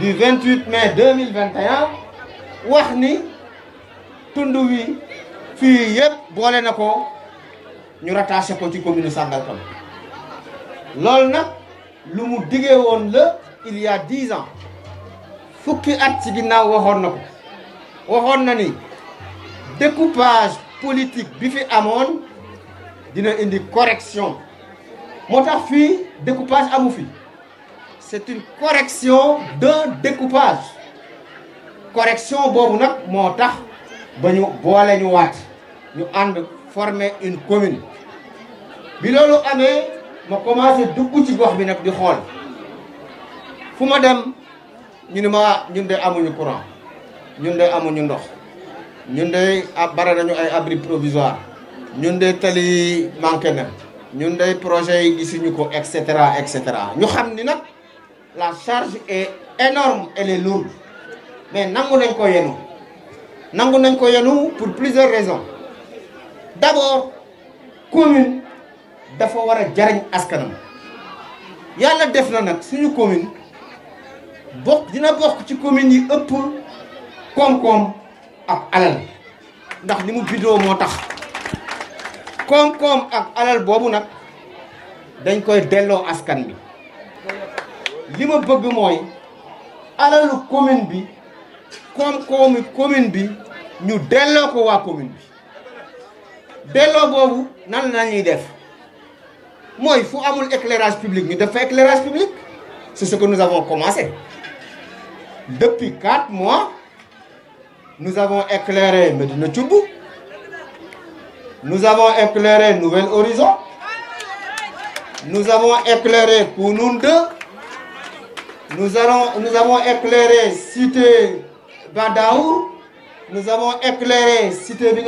du 28 mai 2021 wax ni tund wi fii yëpp boole ñu rattaché ko ci commune de loolu nag lu mu il y a 10 ans faut que ci ginnaaw na ko na ni découpage politique bi fi amoon dina indi correction moo découpage amu fi c'est une correction d'un découpage correction boobu nag moo tax ba ñu boole ñu waat ñu une commune bi loolu amee ma commencé dugg ci gox bi nag di xool fu ma dem ñu ne ma ñun de amuñu courant ñun de amuñu ndox ñun de bare nañu ay abri provisoire ñun de tali manqué na ñun de projet yi gisuñu ko et cetera ñu xam ni la charge est énorme elle est lourde mais nangu nañ ko yenu nangu nañ ko yenu pour plusieurs raisons d'abord commune dafa war a jariñ askanam yàlla def na nag suñu commune bokk dina bokk ci commune yi ëpp koom-koom ak alal ndax li mu bidoo moo tax koom-koom ak alal boobu nag dañ koy delloo askan ce ma bëgg mooy la commune commune bi ñu commune bi nan la def éclairage public ñu def éclairage public c'est ce que nous avons commencé depuis quatre mois nous avons éclairé Medina tchoubou nous avons éclairé Nouvel Horizon nous avons éclairé nous deux nous, allons, nous avons éclairé cité Badaou, nous avons éclairé cité bi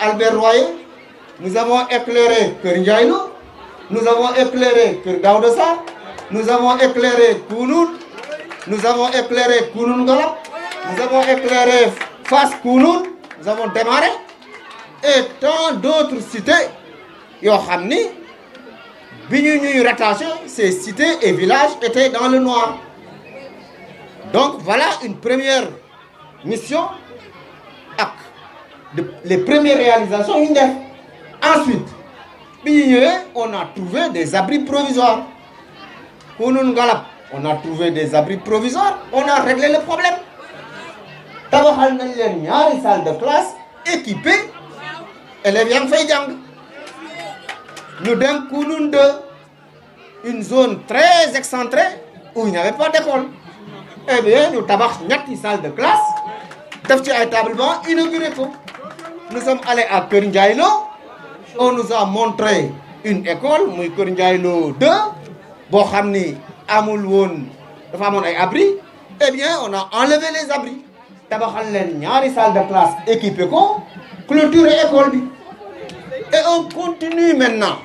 Albert Royer nous avons éclairé Kër nous avons éclairé Kër nous avons éclairé Kounoun nous avons éclairé Kounoun nous avons éclairé Fas Kounoun nous avons démarré et tant d'autres cités Yohamni, xam ni ces cités et villages étaient dans le noir. Donc voilà une première mission, les premières réalisations Ensuite, on a trouvé des abris provisoires. On a trouvé des abris provisoires, on a réglé le problème. D'abord, une salle de classe équipée, élèves Nous avons une zone très excentrée où il n'y avait pas d'école. Eh bien, nous avons une salle de classe, Nous ci ay inauguré Nous sommes allés à Keur on nous a montré une école muy 2 boo xam amul abri eh bien on a enlevé les abris tabaxal avons ñaari salle de classe équipée, clôture clôturer école et on continue maintenant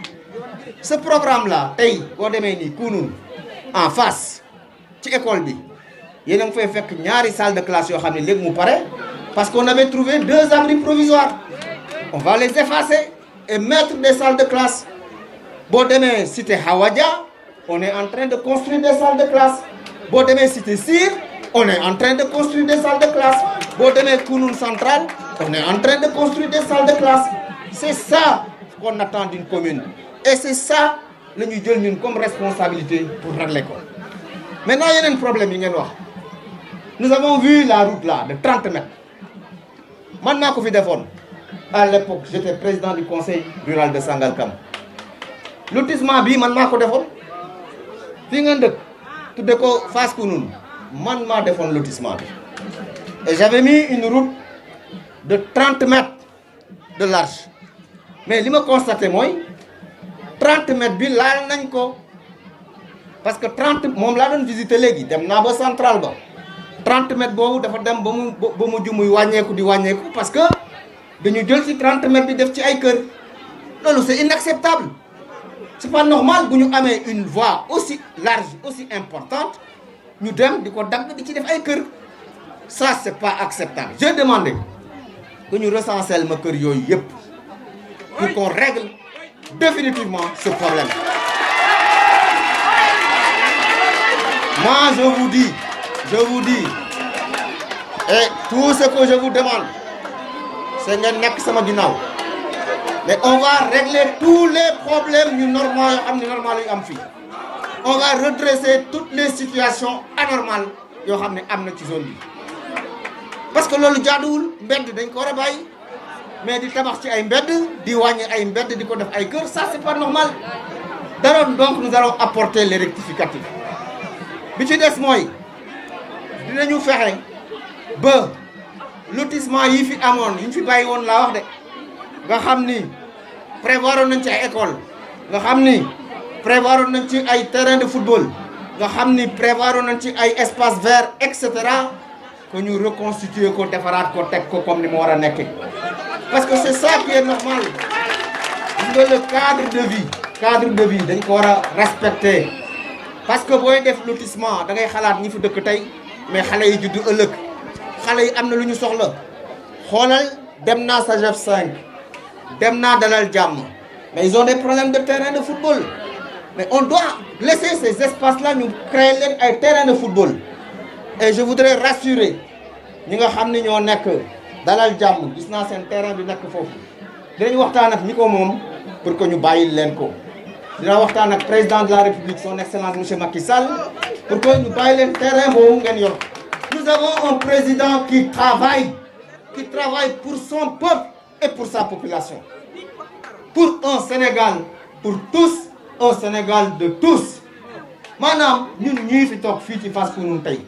ce programme là en face ci école bi a ngi salle de classe parce qu'on avait trouvé deux abris provisoires on va les effacer et mettre des salles de classe Si c'était cité Hawadia on est en train de construire des salles de classe Si démé cité on est en train de construire des salles de classe Si c'était Kunun Central, on est en train de construire des salles de classe c'est ça qu'on attend d'une commune et c'est ça Que nous avons comme responsabilité pour rendre l'école... maintenant il y a un problème... nous avons vu la route là de 30 mètres man naa à l'époque j'étais président du conseil rural de Sangalkam lotissement bi man mako ko fi nga ngeen tudde ko Fass Kounoune man lotissement et j'avais mis une route de 30 mètres de large mais lima me constaté moi. 30 mètres bi laal nañ ko parce que 30 mom la doon visiter légui dem sommes ba central ba 30 mètres boobu dafa dem ba mu ba mu ju muy di wañéku parce que dañu jël ci 30 mètres bi def ci ay kër c'est inacceptable c'est pas normal que nous ayons une voie aussi large aussi importante ñu dem diko dag di ci def ay kër ça c'est pas acceptable Je demande... que ñu recenser ma kër yooyu pour qu'on règle définitivement ce problème. Moi, je vous dis, je vous dis, et tout ce que je vous demande, c'est que Mais on va régler tous les problèmes du normal, On va redresser toutes les situations anormales qui ont amené Parce que le diadoul, le d'un corps mais di tabax ci ay mbedd di wàññi ay mbedd di ko def ay kër ça c'est pas normal Daron donc nous allons apporter les rectificatifs bi ci des moy dinañu fexé ba lotissement yi fi amone yi fi bàyyi woon la wax de nga xamni ni nañ ci ay école nga xamni ni nañ ci ay terrain de football nga xamni ni nañ ci ay espace vert etc. que ñu reconstituer ko defaraat ko tek ko comme ni mo wara a parce que c'est ça qui est normal gis le cadre de vie cadre de vie dañ faut respecter parce que vous booy def lotissement da ngay xalaat ni fi de côté, mais xale yi juddu ëllëg xale yi am na lu ñu soxla xoolal dem naa Sagef 5 Demna Dalal Jàmm mais ils ont des problèmes de terrain de football mais on doit laisser ces espaces là nous créer un terrain de football et je voudrais rassurer nous nga xam ni ñoo nekk dalal jàmm gis sen terrain bi nak fofu dinañ waxtaan ak niko mom pour que ñu bayil len ko dina waxtaan ak président de la république son excellence monsieur Macky Sall pour que ñu bayil un terrain boobu ngeen yor nous avons un président qui travaille qui travaille pour son peuple et pour sa population pour un Sénégal pour tous un Sénégal de tous manam ñun ñi fi toog pays. ci pour Kounoune tay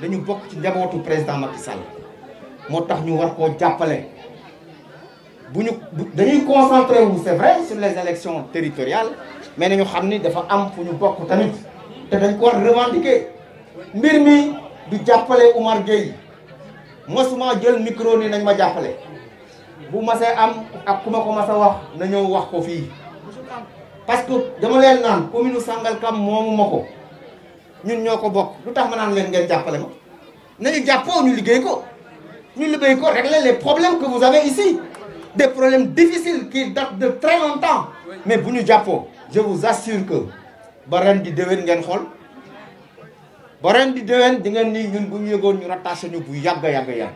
dañu bok ci njabootu président Macky Sall motax ñu war ko jappalé buñu dañuy concentré wu c'est vrai sur les élections territoriales mais nañu xamni dafa am fu ñu bokk tamit té dañ ko war revendiquer mbir mi du jappalé Oumar Gueye mosuma jël micro ni nañ ma jappalé bu masee am ak kuma ko mas a wax nañu wax ko fi parce que dama leen naan commune sangal kam momu mako ñun ñoko ko bokk lu tax ma naan leen ngeen jappalé ma nañu jappo ñu liggéey ko nous devons régler les problèmes que vous avez ici. Des problèmes difficiles qui datent de très longtemps. Mais vous nous Japon, je vous assure que Baren di Dewen Ngen Khol, Baren di Dewen Ngen Ni Ngen Bunye Gon Ngen Rattache Ngen Yaga Yaga Yaga.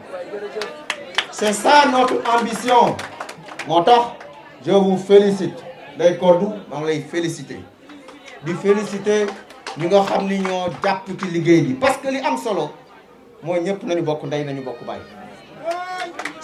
C'est ça notre ambition. Motor, je vous félicite. Les Cordou, je les félicite. Je félicite ñi nga xam ni ñoo parce que li am solo mooy ñëpp nañu bokk nañu bokk